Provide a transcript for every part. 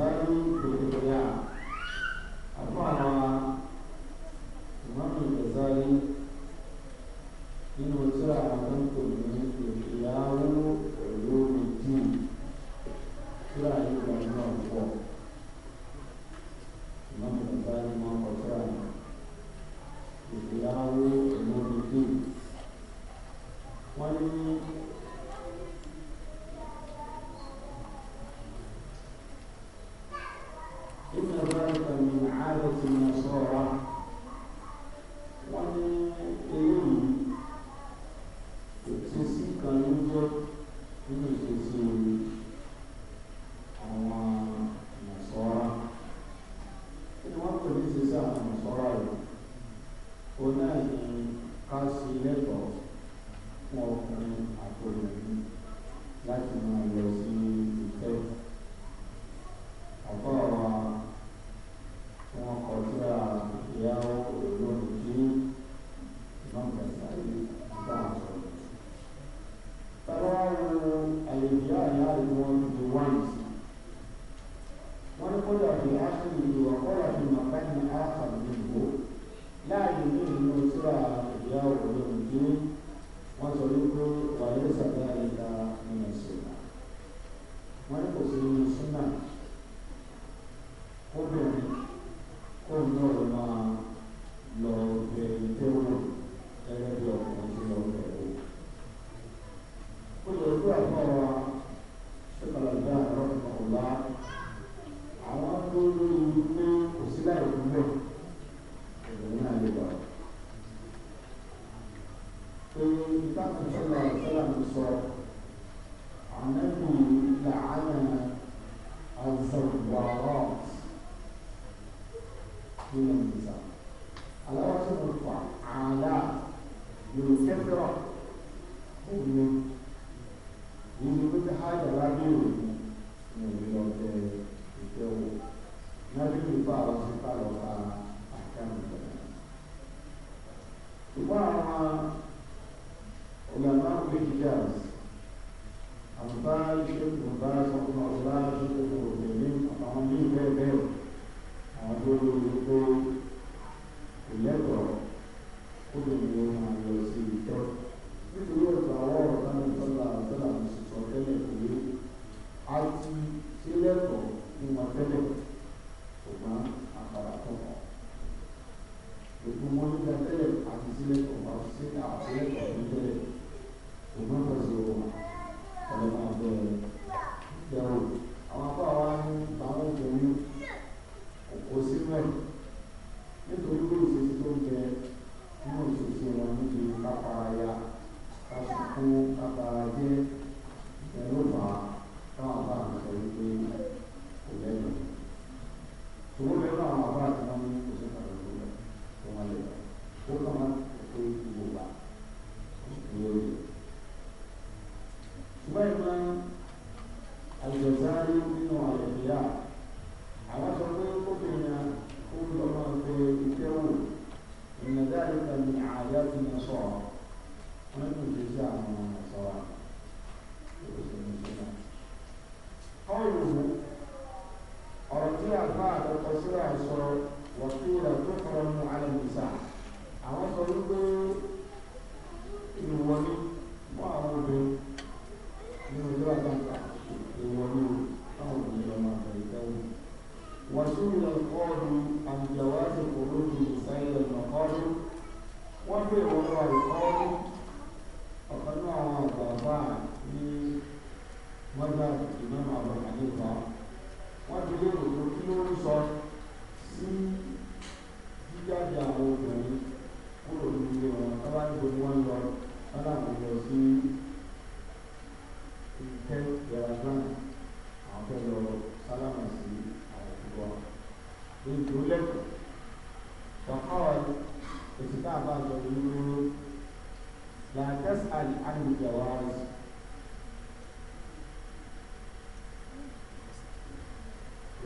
Rome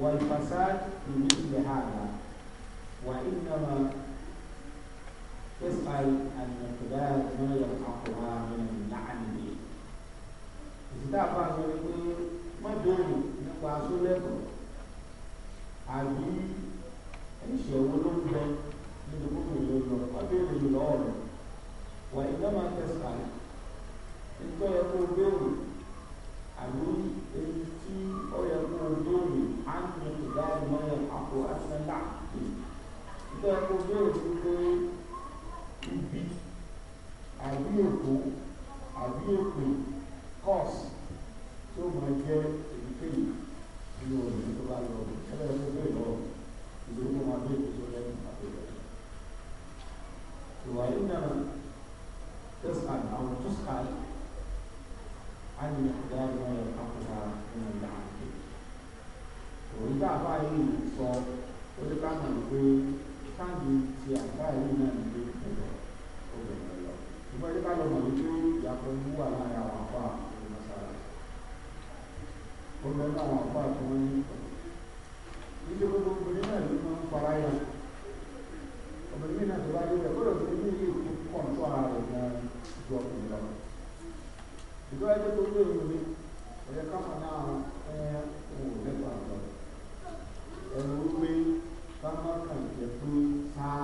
والفساد في مثل هذا وإنما اسأل المقدار ما يلحقها من اللعن إذا ìsìtàfà sọ pé wọ́n dòrò àpọ̀jù láàrin àwọn àpá àti masara ó àwọn àpá tó wọ́n ní ilé gbogbo obìnrin náà ló máa ń para yà obìnrin náà tó bá yẹ kó lọ́ọ́ ní ilé ìlú kọ̀ǹtò ara rẹ̀ gan ju ọkùnrin lọ ìjọba ẹgbẹ́ tó gbé ìlú mi ẹ̀yẹ káfà náà ẹ̀ wò lẹ́kọ̀ọ́ àgbà ẹ̀rù wípé bá má kàn jẹ́ pé sáà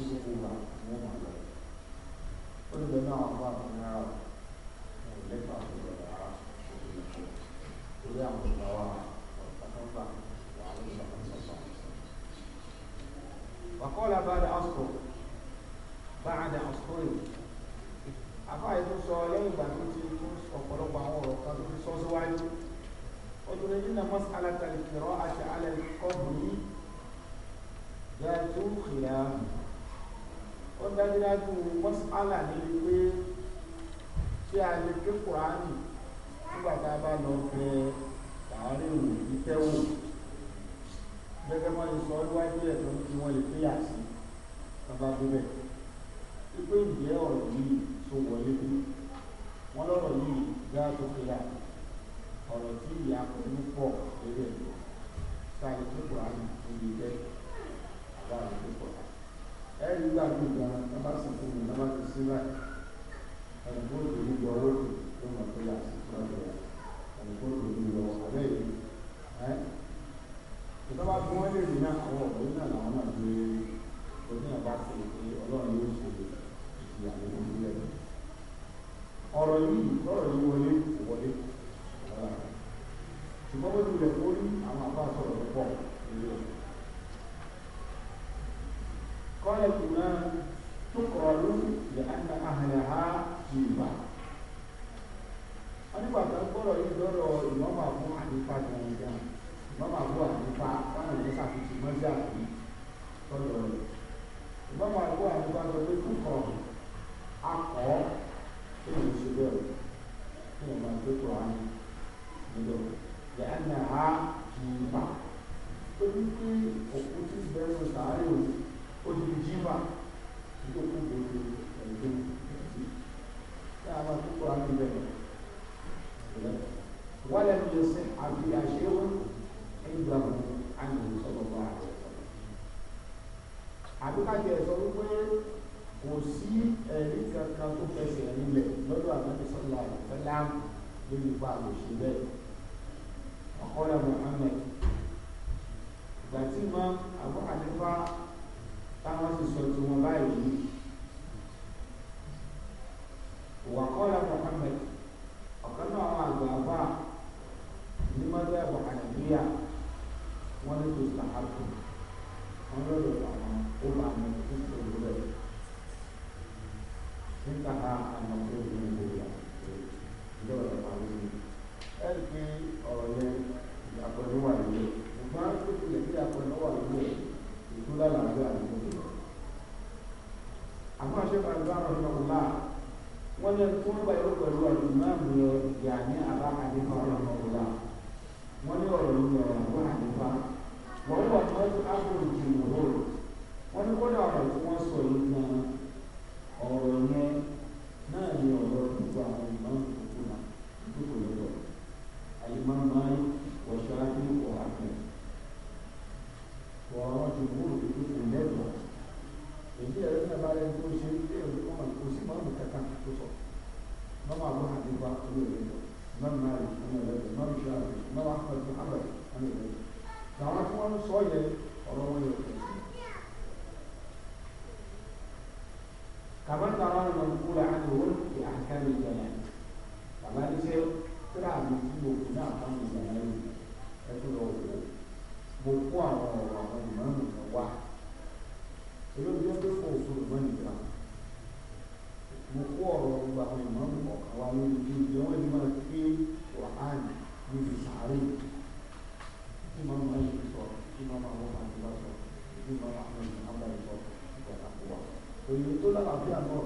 ìlú wa wọ́n máa lọ. 我就觉得那样话不太好。فقال بعد أسطر بعد أسطر àfáàyè tó sọ lẹ́yìn ìgbà tó ti tó ọ̀pọ̀lọpọ̀ àwọn ọ̀rọ̀ kan tó ti sọ síwájú ọdún ẹni náà mọ́sí alátàlẹ̀kẹ̀rọ àti alẹ́kọ̀ọ́bùnrin yà tó kìlá ó dájúdájú mọ́sí alà ní wípé ṣé a lè ké kùránì nígbà tá a bá lọ bẹ tààrí òun ìtẹ́wò gẹ́gẹ́ mọ́ ìsọ ọlúwájú ẹ̀ tó ti wọ́n lè péyà sí bàbá bíbẹ̀ wípé ìjẹ́ ọ̀rọ̀ yìí tó wọlé bí wọ́n lọ́rọ̀ yìí gá tó péyà ọ̀rọ̀ tí ìyá kò ní pọ̀ lérè ẹ̀kọ́ sáré tó kọ̀ àmì tó lè bẹ́ àbá rẹ̀ tó pọ̀ ẹ̀rí gbàgbé gan bàbá sì fún mi bàbá ti sí láì ẹ̀rọ tó lè gbọ́ owó tó lọ́mọ péyà sí tó lè àwọn ọ̀rọ̀ náà làwọn náà gbé oníyàn bá ti يصح فيها شيء عند عنه صلى الله عليه وسلم àbíká jẹ́ sọ wípé kò sí ẹ̀rí kankan tó fẹsẹ̀ nílẹ̀ lọ́dọ̀ àmọ́tí sọ́lá àìsọ́lá lórí ipa àlòṣe bẹ́ẹ̀ ọ̀kọ́lẹ̀ Muhammad ìgbà tí Gracias.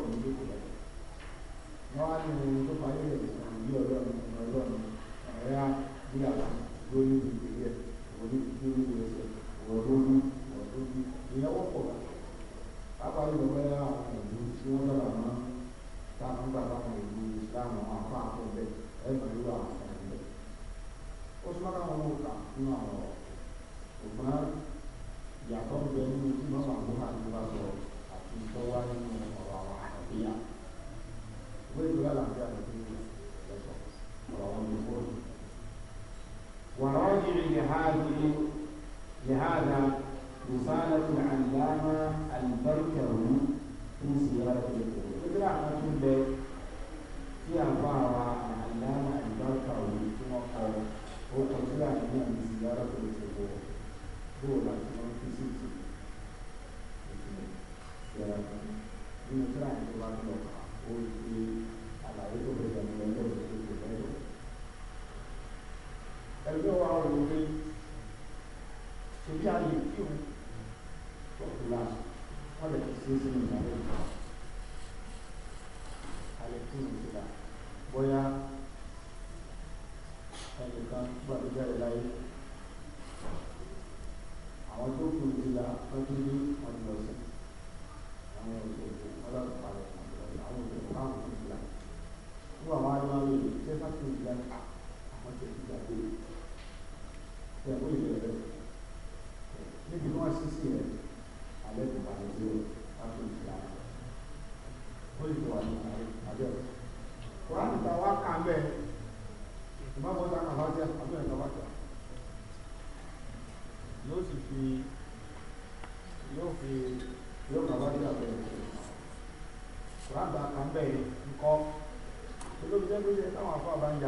what we got today.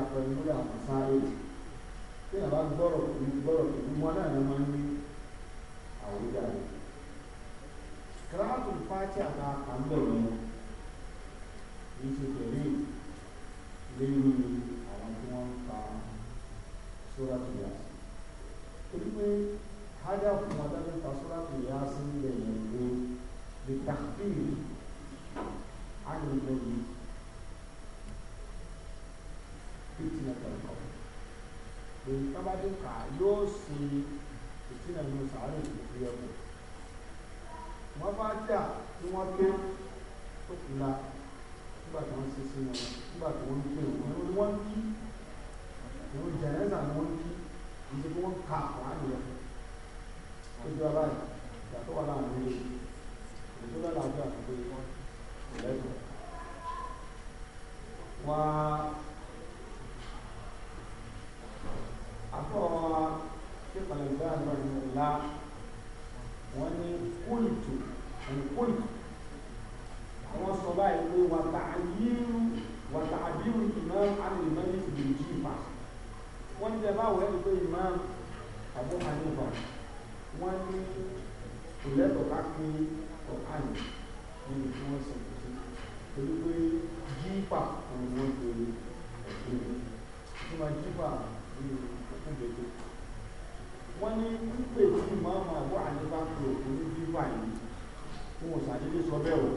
分不了，没生意。bá dé yóò sì ìtìnà inú sàárè ìlú ẹ̀kọ́ wọ́n bá dà tí wọ́n ké tó nígbà tí wọ́n ṣe sí wọn nígbà tí wọ́n ń pè wọ́n ní wọ́n ń kí ìwọ̀n jẹ̀rẹ́sà ni wọ́n ń kí ìṣe kí wọ́n ka àwọn àyè ó jọ báyìí tó wà láàrin ilé ìlú lọ́la àjọ àkókò ìwọ̀n ìlẹ́gbẹ̀ẹ́ wọ́n á الألباني رحمه الله وأني قلت أن قلت هو الصباح وتعليل وتعبير الإمام عن الملك بالجيفة وأني دابا وهذا الإمام أبو حنيفة وأني ìlẹ́tọ̀ ká pín ọ̀hánì nínú tí wọ́n sọ sí torí pé jípa òun wọ́n torí ọ̀gbìn nígbà jípa ní ọkùnbẹ̀tẹ̀ wọ́n ní pípè tí ìmọ̀ọ́mọ̀ àbọ̀ àdébá fi òkú ní bíbá yìí fún òsàdédé sọ bẹ́ẹ̀ o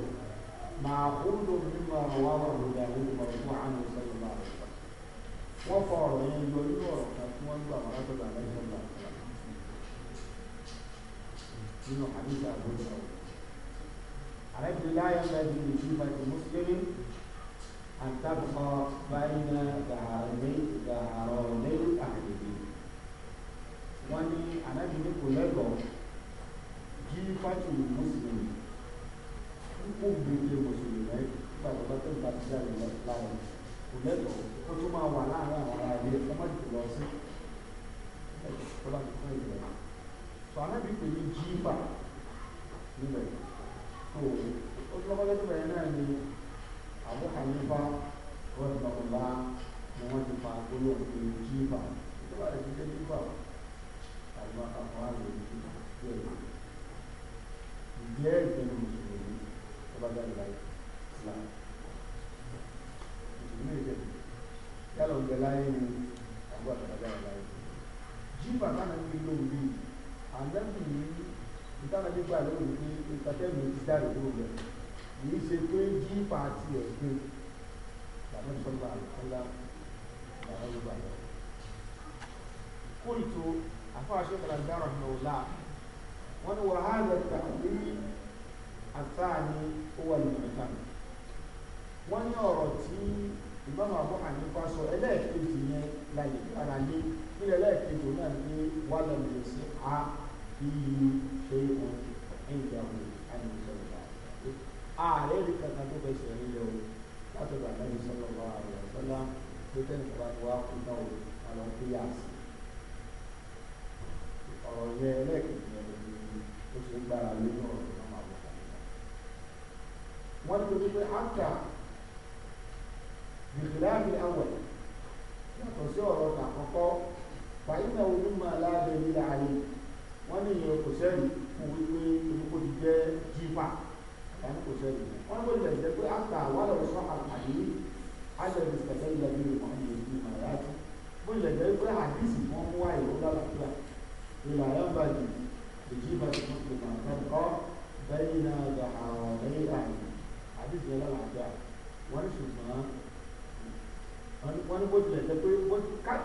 máa ó lò nínú àwọn àwọn àròdà ìwé ìpàdé àmì ìsọ̀rọ̀ bá rẹ̀ wọ́n fa ọ̀rọ̀ yẹn yọ nínú ọ̀rọ̀ kan tí wọ́n gbà wọ́n látọ̀dọ̀ àlẹ́sọ̀ bá nínú àdéhùn àbúrò rẹ̀ àrẹ́bìnrin láyọ̀ lẹ́bìnrin láyé ni àbúrò àtàlágbà rẹ̀ láyé jí bàbá náà gbé lóhùn bí ànábì ní ìtàlá gbígbà lóhùn ní ìtàkẹ́mì ti dá ìlú rẹ̀ kì í ṣe pé jí pàtì ẹ̀ gbé bàbá sọ́gbà àkọ́lá bàbá yorùbá lọ. kóòtù àfọwọ́sẹ́ kàlàndà rọ̀hìnàwòlá wọ́n ní ìmọ̀mù àbọ̀ àníkọ́ sọ ẹlẹ́ẹ̀kejì yẹn la yìí padà lé nílẹ̀ ẹlẹ́ẹ̀kejì òun náà ní wàlẹ̀ lè sí a yìí ṣe wọn ìyàwó àyẹ̀sọ̀rọ̀ bá ààrẹ rí kankan tó fẹsẹ̀ rí lẹ̀ o láti ọ̀dọ̀ àdáyé sọ̀rọ̀ bá rẹ̀ sọ́lá tó tẹ́ nípa ni wàá kú náà o àlọ́ fi yà sí ọ̀rọ̀ yẹn ẹlẹ́ẹ̀kejì yẹn ló ní ó ṣe gbára lé náà ọ̀rọ̀ بخلاف الأول، yàtọ̀ sí فإن àkọ́kọ́ لا دليل عليه، nílẹ̀ ayé wọ́n ní ìyẹn kò sẹ́rì fún wípé orúkọ ti jẹ́ jípa àtàní kò sẹ́rì wọ́n bó lè jẹ́ pé àgbà wàlẹ̀ ọ̀sán àtàdé àṣẹ ìṣẹ̀lẹ̀ ìyàgbé rẹ̀ wọ́n yẹ ní màláàtì bó lè jẹ́ pé àdìsí wọn mú wáyé ó lálàáfíà ìlà ayọ́mbàjì ìjíba ti fún ìgbà kọ́ bẹ́yìn náà gbà àwọn ọ̀rẹ́ àyè àdìsí ọlọ́làáfíà wọ́n ṣùgbọ́n wọ́n ní bó tilẹ̀ jẹ́ pé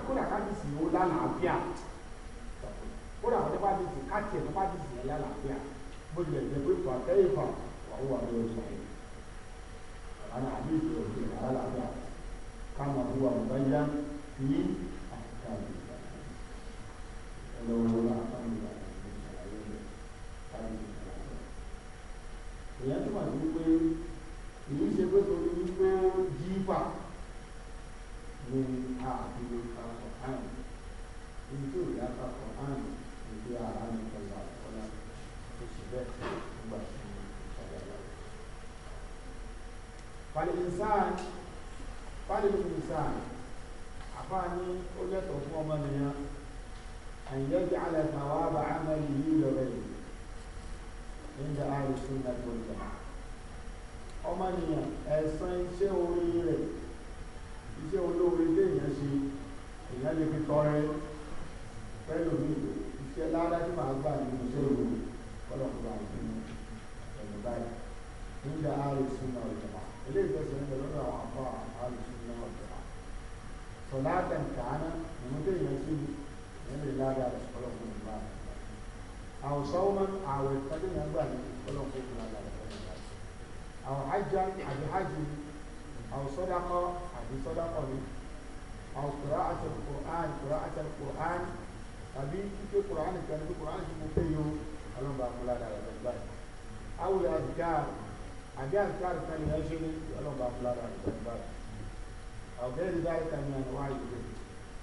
kódà kábíyèsí ó lálàáfíà kódà wọ́n bá dìbò káàkiri ẹ̀ bá dìbò ẹ̀ lálàáfíà bó tilẹ̀ jẹ́ pé kò àtẹ́yìn kan wà wà ní oṣù yìí àwọn àdéhùn òbí ẹ̀ lálàáfíà káwọn àbúrò àbúrò yá fi àtìkà rẹ̀ ẹlọ́wọ́ àbáyọ̀ àbúrò àbúrò ìyẹn tó wà ní pé kì ṣe pé torí wípé jífà lórí àbílẹ̀ ìfàkọ̀ àmì ibi tí òyà àfàkọ̀ àmì ìgbé ara mi pẹ̀lú àkọ́lá tó sì bẹ́ẹ̀ nígbà tí mo ṣàlẹ̀ lọ́wọ́. pàdéjìnsán pàdéjìnsán àfáàní ó lẹ́tọ̀ọ́ fún ọmọnìyàn àyẹ̀jẹ̀ alẹ́ tàwa bá àmàlì yìí lọ́rẹ́ yìí nígbà àrùn sínú ẹgbẹ̀rún ọmọnìyàn iṣẹ́ olóore léèyàn ṣe èèyàn lè fi tọrẹ pẹ̀lú mi iṣẹ́ lára tí màá gbà nínú iṣẹ́ olóore kọlọkùnrin àti ẹ̀rọ báyìí nígbà àrùsùn náà ìjọba eléyìí fẹsẹ̀ ń bẹ lọ́dọ̀ àwọn àbọ̀ àrùsùn náà ìjọba sọlá tẹ̀ǹkàánà ìmú téèyàn sí ẹ̀rọ ìlàdà rẹ̀ kọlọkùnrin bá àwọn sọ́wọ́n àwẹ̀ tẹ́lẹ̀ gbà ní kọlọkùnrin bá àwọn hajj àbí hajj àwọn sọ́dà kọ́ àbí sọ́dákọ̀ ni àwọn kùrá àti kùrán kùrá àti kùrán tàbí kíké kùrán nìkan ní kùrán ti mú pé yóò ọlọ́mọba múlá dára lọ báyìí awùlẹ̀ àdìgá àbí àdìgá kan ní ẹṣẹ́ ní ọlọ́mọba múlá dára lọ báyìí ọ̀gẹ́ ìdíjà kan ní àwọn àyè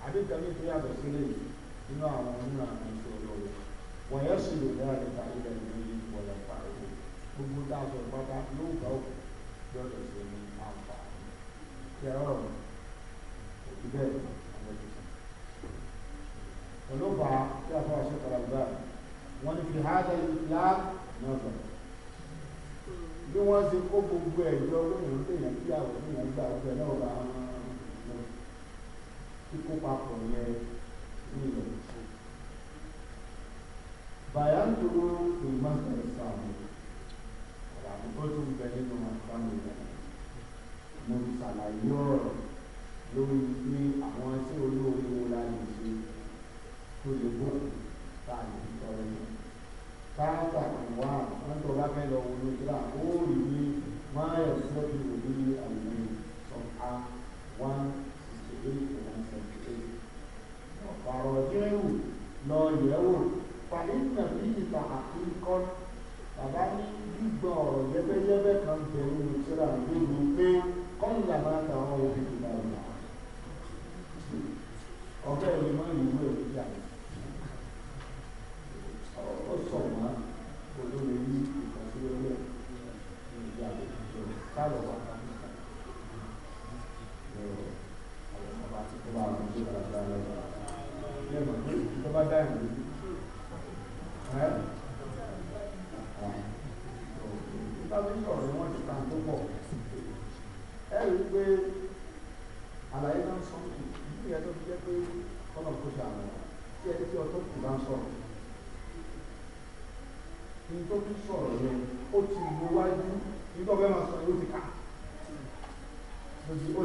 àbí kan ní ìpínlẹ̀ àbẹ̀ sílẹ̀ nínú àwọn onímọ̀ àwọn ìṣòro wọ́n yẹ ẹ̀rọ rẹ̀ kò fi bẹ́ẹ̀ àwọn ìjọsìn olóòfà tí a fọwọ́ sí kọlọ̀gbà wọ́n ti fi hádà ìlà náà lọ bí wọ́n ti kó gbogbo ẹ̀jọ́ lóyún lóyún tí àwọn ènìyàn gbà ọgbẹ́ náà bá wọn kíkó papọ̀ yẹn ní ilẹ̀ ìṣe bàyá ń dúró ìmọ̀ ìsàmù àwọn àbúkọ́ tó ń bẹ nínú àpá nìyẹn mo ti ṣàlàyé ọ̀rọ̀ lórí pé àwọn tí olóore wo la lè ṣe tó lè bọ̀ tá a lè fi tọrọ ní. káàtà ìwà wọn tó bá fẹ́ lọ wo ló kíra ó rí ní máyọ̀ sẹ́bi òní àwòrán sọ̀tà one sixty eight to one seventy eight. ọ̀pọ̀rọ̀ jẹ́rù lọ yẹ̀wò fàyínà bí ìta àkíkọ́ bàbá ní gbígbọ́ ọ̀rọ̀ jẹ́bẹ́jẹ́bẹ́ kan bẹ̀rù kíra lóru pé kọ́ńdà máa ń tàwọn òbí ìgbà ìgbà ọ̀gá ìwé máa ń yíwé òbí àná ó sọ wá olórí ní ìfọ̀síwẹ́wẹ́ ìgbà ìjọ káàlọ̀ wà káàkiri ẹ̀rọ pé àlàyé náà ń sọ fún ìdí ìyá tó fi jẹ́ pé kọ́nà kó ṣe àmọ́ tí ẹni tí ọtọ́ kù bá ń sọ̀rọ̀ ní tó fi sọ̀rọ̀ yẹn ó ti wo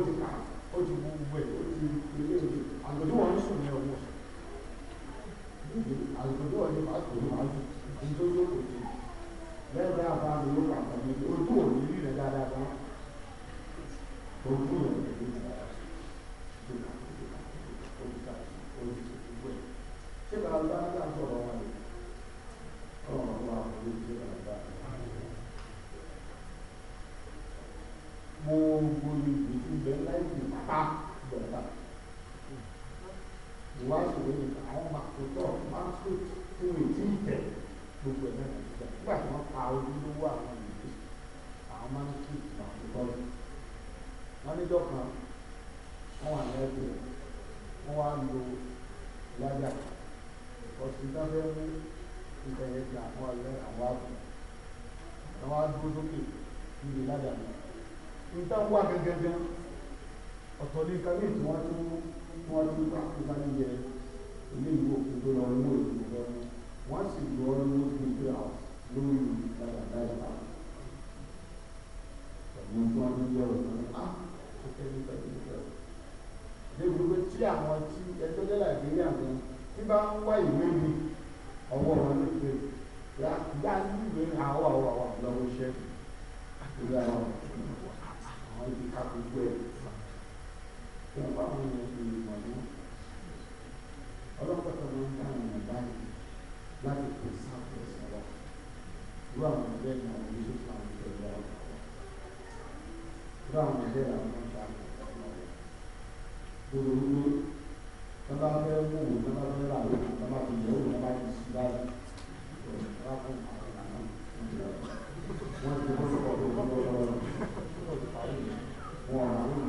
wá lo lájà ọ̀sìn tó fẹ́ mú ìbẹ̀rẹ̀ gbà àwọn àlẹ́ àwọn àbò àwọn àdúró sókè níbi lájà mi níta wà gẹ́gẹ́gẹ́ ọ̀tọ̀ ní kan ní ìtumọ̀ tó wọ́n ti bá nípa níjẹ ilé ìlú òkun tó lọ mú òkun lọ wọ́n sì lọ ní oṣù tó àwọn lórí lájà lájà pẹ̀lú tí wọ́n ti jẹ́ òkun á ah! tó tẹ́lẹ̀ pẹ̀lú débi pé tí àwọn tí ẹjọ́ jẹ́ nàìjíríà gan tí bá ń wá ìwé mi ọwọ́ wọn ló pé yá níwèé àwọ̀ àwọ̀ àwọ̀ lọ́wọ́ iṣẹ́ àtúndì àwọn àwọn ibi ká gbogbo ẹ̀ kí wọ́n bá wọn yẹ ìlú wọn ní ọlọ́pàá máa ń dá àwọn ọ̀nà báyìí láti pè sáfù ẹ̀sìn wa irú àwọn ẹgbẹ́ ni àwọn ilé tó fún àwọn ìjọba ọ̀gá wa irú àwọn ẹgbẹ́ làwọn lórí wípé tọ́ba fẹ́ wò ó tọ́ba fẹ́ rà ó tọ́ba fi yẹ̀ ó tọ́ba fi sí báyìí wọ́n ti kọ́ sọ́kọ̀ tó kọ́ lọ́wọ́ wọn àwọn ọmọ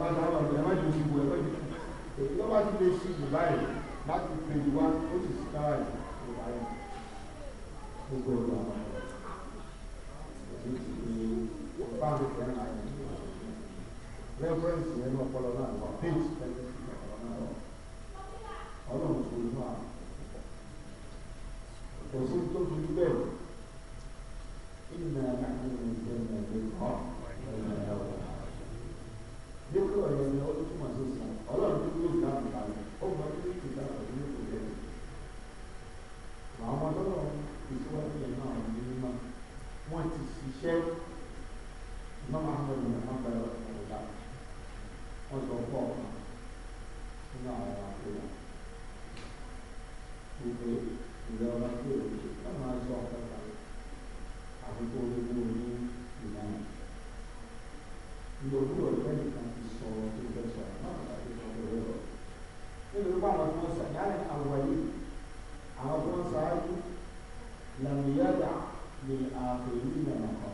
náà tọ́ba ti àwọn ọmọ ẹ̀ má ju ìbò ẹ̀ má ju èyí tọ́ba ti lè ṣe ìbò báyìí láti pè wá ó sì sí kára ìbò báyìí gbogbo ìlú àwọn ọmọ ẹ̀ ọba àti ìfẹ́ Peace. ولم يدع للآخرين مقام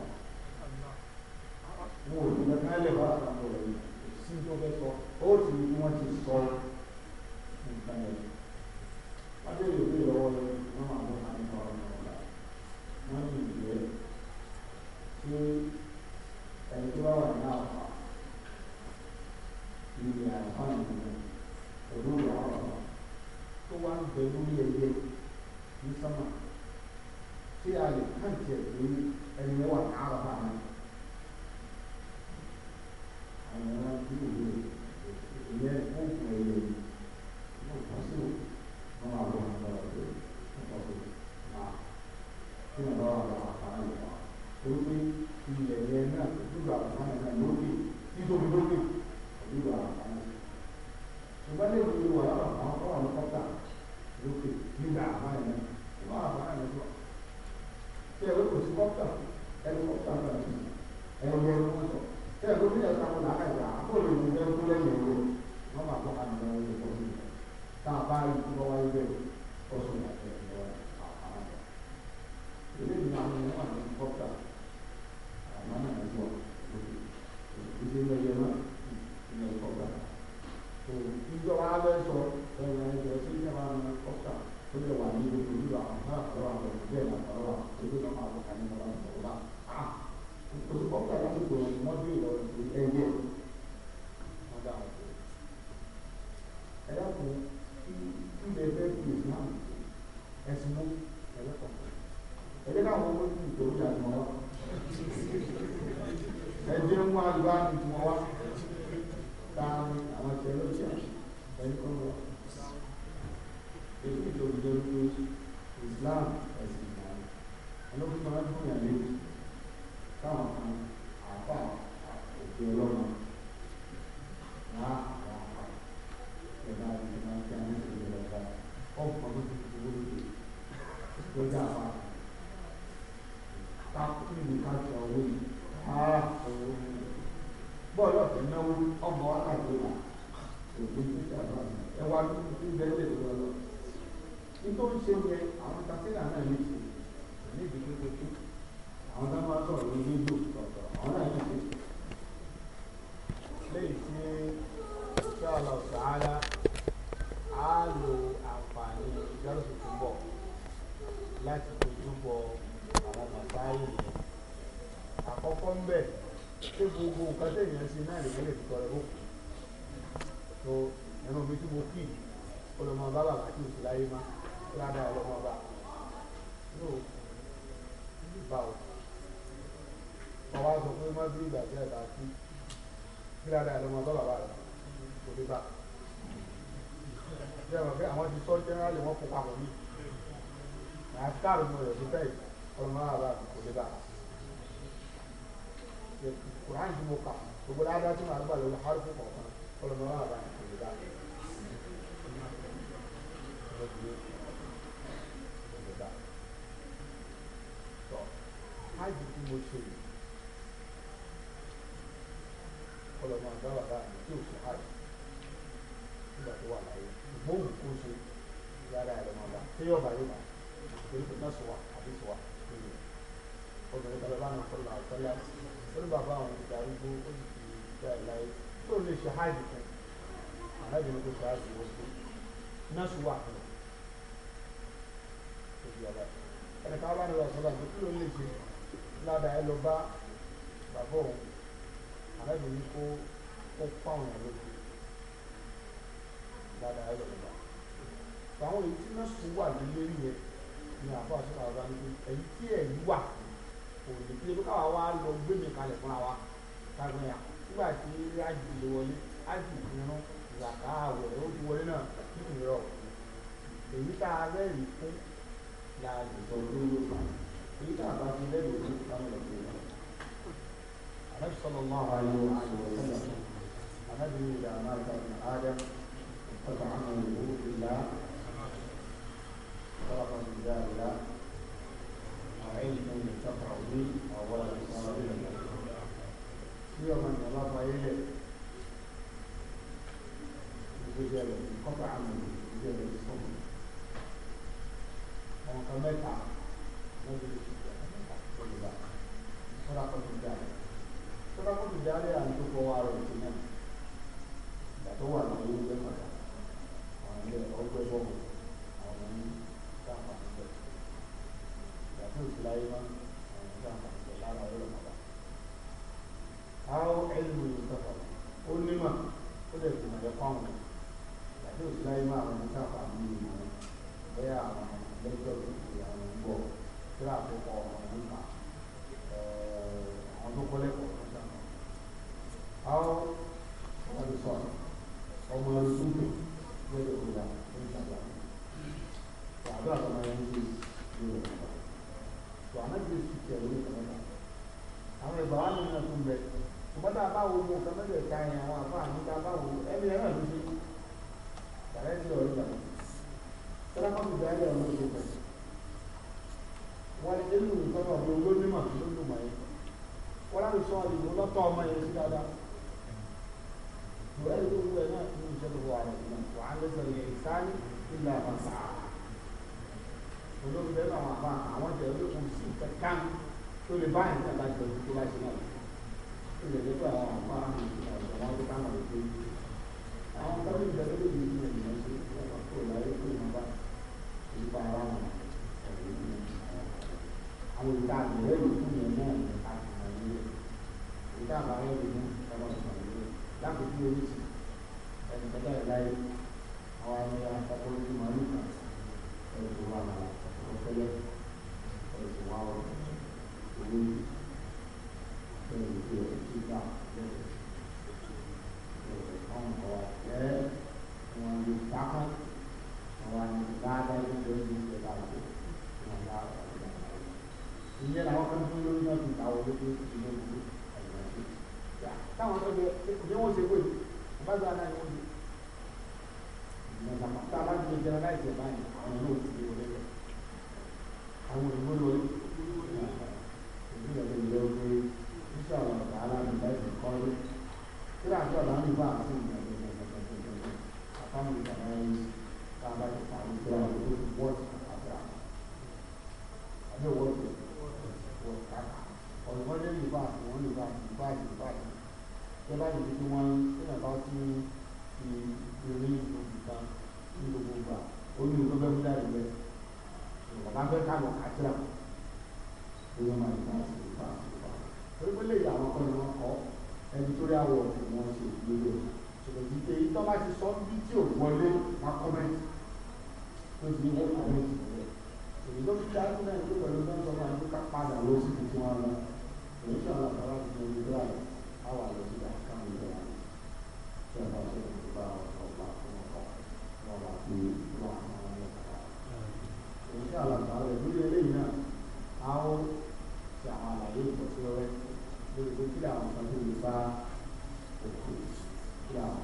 wọn ò ní ká lè bá àtàkùn rẹ̀ yìí sí tó fẹ́ sọ ó ti wọ́n ti sọ nǹkan yẹn wọ́n Father, Lord. lọ́rọ̀ tó náwó ọmọ àgbè wà òwe ní ìjàmbá ẹ wá ní ìbẹ́ lè lọ lọ. nítorí ṣe yẹ àwọn tasílà náà ní ṣe ní ibi tó tó àwọn tó máa sọ̀rọ̀ ní gbígbó ọ̀tọ̀ àwọn náà ní ṣe. lẹ́yìn tí sọ́ọ̀lọ̀ sàárà á lo àǹfààní ìjọ́rọ̀ tuntun bọ̀ láti dojú bọ àwọn màsáyì àkọ́kọ́ ń bẹ̀ pé gbogbo nǹkan tẹ̀yìn ẹ̀sìn náà lè lè fi tọrẹ bò tó ẹnu mi tí mo o sì láyé má ládàá ọlọmọ bá yóò bá o bàbá sọ pé má bí ìgbà tí ẹ bá kí kí ládàá ọlọmọ bá bàbá rẹ kò dé bá yàrá pé àwọn ti sọ jẹ́nẹ́rálì wọn kó papọ̀ yìí àti káàdùn mi rẹ̀ ló fẹ́ ọlọmọ kuran yìí mo kà gbogbo dáadáa tí màá gbà lórí harufu kọ̀ọ̀kan ọlọ́mọ wa bá mi kiri dáa tọ́ hajj tí mo ṣe yìí ọlọ́mọ àgbà bàbá mi tí ò ṣe hajj nígbà tó wà láyé ìgbóhùn kó ṣe yàrá ẹ̀rọ máa bá tí yóò bá yóò bá torí kò náà sọ wa àbí sọ wa lórí ọgbẹ̀rẹ̀ balẹ̀ bá nà kọ́ làwọn tọ́lá sí i ó ní bàbá àwọn ti darúgbó ó sì tó lè ṣe háàjì kan aláìsàn ló ṣe háàjì wọ́n sí nọ́ọ̀sì wà fún un ká bá nílò ọ̀sán láti kí ló lè ṣe ládàá ẹ lọ bá bàbá òun aláìsàn ní kó ó pàwọn lójú ládàá ẹ lọ bá àwọn èyí tí nọ́ọ̀sì wà lórí yẹn ni àbá àti bàbá ní ẹ̀yìn tí ẹ̀yìn wà kò ní ebi káwa wá lọ gbé mi kalẹ̀ fúnra wa kágun yà nígbà tí ájì lè wọlé ájì irun ìyàká àwọ̀ ẹ̀ ó ti wọlé náà nínú ìrọ̀ èyí tá a rẹ́rìí fún la àjùjọ lóyún èyí tá a bá fi rẹ́rìí fún láwọn ọ̀gbìn náà. النبي صلى الله عليه وسلم النبي إذا مات ابن آدم انقطع عنه الوضوء إلا 或者按你认为。bá wo gbogbo nǹkan mẹ́lẹ̀ ká yẹn àwọn àfa àmì ká bá wo ẹni ẹ̀ náà ló ṣe tàbí ti ọ̀rọ̀ ìgbà tọ́lá kọ́ fìdí ayé ọ̀rọ̀ ìgbà pẹ̀lú wọ́n ní nínú nǹkan náà ló ló nímọ̀ tó ló mọ̀ yẹn wọ́n láti sọ ìlú lọ́tọ̀ ọmọ yẹn sí dáadáa ìwé ìlú ìwé náà ní ìṣẹ́gun wà rẹ̀ wà á lẹ́sẹ̀ yẹn ìsáni ìlà àbàṣà olóògbé náà wà bá àwọn jẹ̀rọ lókun sí kẹkàn tó lè bá ìgbà bá jẹ̀rọ tó bá ṣe náà ní ìlú ìlú àyìnbáṣe yà táwọn tó bẹ ní wọn ṣe wéyìí bàbá gba náà yóò di ìmọ̀tàmọ́tà alágbèjẹ aláìsẹ̀ báyìí àwọn tí àlàkà rẹ̀ lórí eléyìí náà a ó ṣe àwọn àlàyé ìtọ́síwẹ́wẹ́ lórí pé kí làwọn kan tó lè bá òkú kí làwọn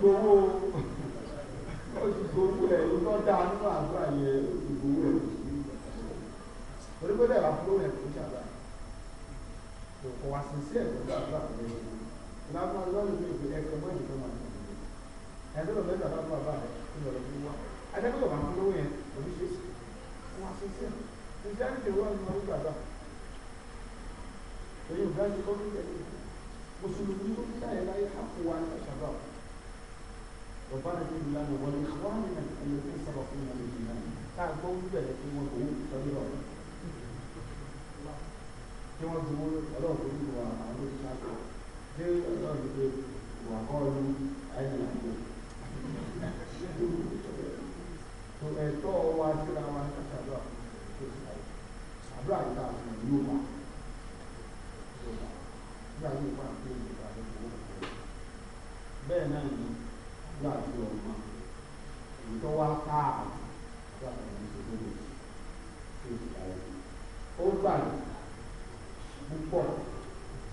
gbowó ó ti ẹ̀ ló dá nínú àdúrà yẹn ó ẹ̀ lórí pé bẹ́ẹ̀ bá fún lóhùn ẹ̀kọ́ ìṣàdá sí sí ẹ̀kọ́ ìṣàdá fún mi lábúrò lọ́rùn ní ọdún mùsùlùmí ló ń dá láyé hápò wa ní ọ̀ṣàbà ربنا اجعل لنا ولاخواننا الذين سبقونا بالايمان تعبوا بلدي وقوم كبيرا kí wọ́n ti wọ́n ọlọ́ọ̀dún ní wa àwọn olùsàkọ̀ dé ọlọ́ọ̀dún pé wà kọ́ ọdún àìdìyàgbò tó ẹ̀tọ́ wa síra wa kàtàdọ́ àdúrà àdúrà ìta àfihàn yóò wà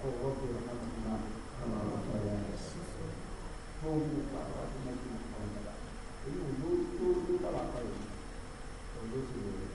قل رب